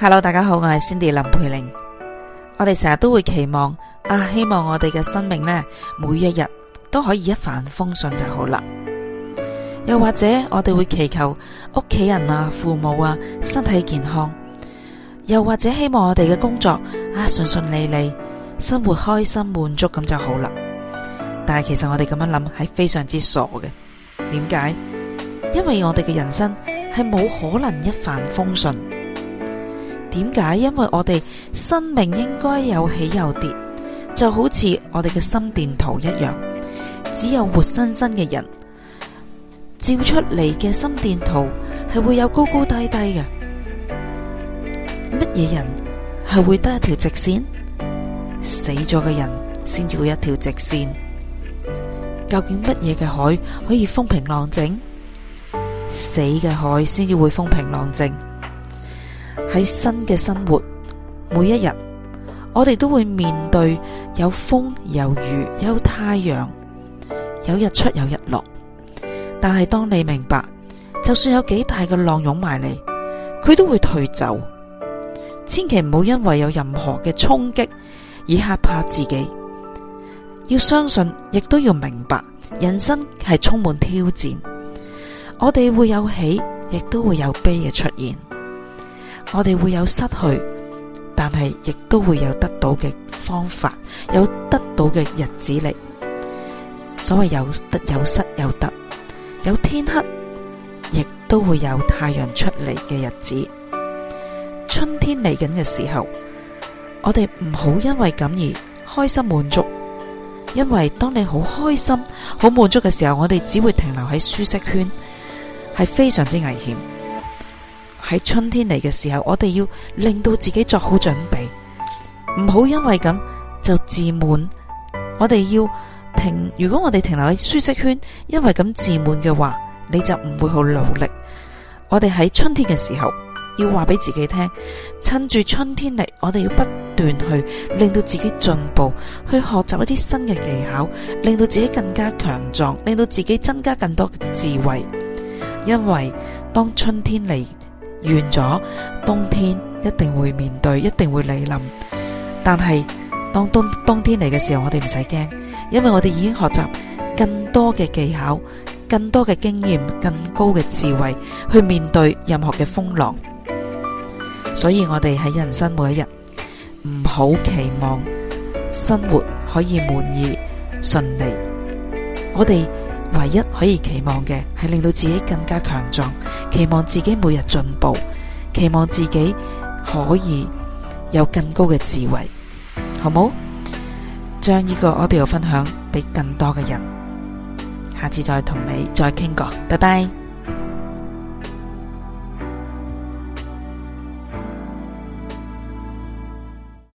Hello，大家好，我係 Cindy 林佩玲。我哋成日都會期望啊，希望我哋嘅生命呢，每一日都可以一帆風順就好啦。又或者我哋會祈求屋企人啊、父母啊身體健康，又或者希望我哋嘅工作啊順順利利，生活開心滿足咁就好啦。但係其實我哋咁樣諗係非常之傻嘅。點解？因為我哋嘅人生係冇可能一帆風順。點解？因為我哋生命應該有起有跌，就好似我哋嘅心電圖一樣。只有活生生嘅人，照出嚟嘅心電圖係會有高高低低嘅。乜嘢人係會得一條直線？死咗嘅人先至會一條直線。究竟乜嘢嘅海可以風平浪靜？死嘅海先至會風平浪靜。喺新嘅生活，每一日，我哋都會面對有風、有雨、有太陽，有日出、有日落。但係當你明白，就算有幾大嘅浪湧埋嚟，佢都會退走。千祈唔好因為有任何嘅衝擊而吓怕自己。要相信，亦都要明白，人生係充滿挑戰。我哋會有喜，亦都會有悲嘅出現。我哋會有失去，但係亦都會有得到嘅方法，有得到嘅日子嚟。所謂有得有失，有得，有天黑，亦都會有太陽出嚟嘅日子。春天嚟緊嘅時候，我哋唔好因為咁而開心滿足，因為當你好開心、好滿足嘅時候，我哋只會停留喺舒適圈，係非常之危險。喺春天嚟嘅時候，我哋要令到自己作好準備，唔好因為咁就自滿。我哋要停，如果我哋停留喺舒適圈，因為咁自滿嘅話，你就唔會好努力。我哋喺春天嘅時候，要話俾自己聽，趁住春天嚟，我哋要不斷去令到自己進步，去學習一啲新嘅技巧，令到自己更加強壯，令到自己增加更多嘅智慧。因為當春天嚟。完咗，冬天一定會面對，一定會嚟臨。但係當冬冬天嚟嘅時候，我哋唔使驚，因為我哋已經學習更多嘅技巧，更多嘅經驗，更高嘅智慧去面對任何嘅風浪。所以我哋喺人生每一日唔好期望生活可以滿意順利，我哋。唯一可以期望嘅係令到自己更加強壯，期望自己每日進步，期望自己可以有更高嘅智慧，好冇？將呢個 audio 分享俾更多嘅人，下次再同你再傾過，拜拜。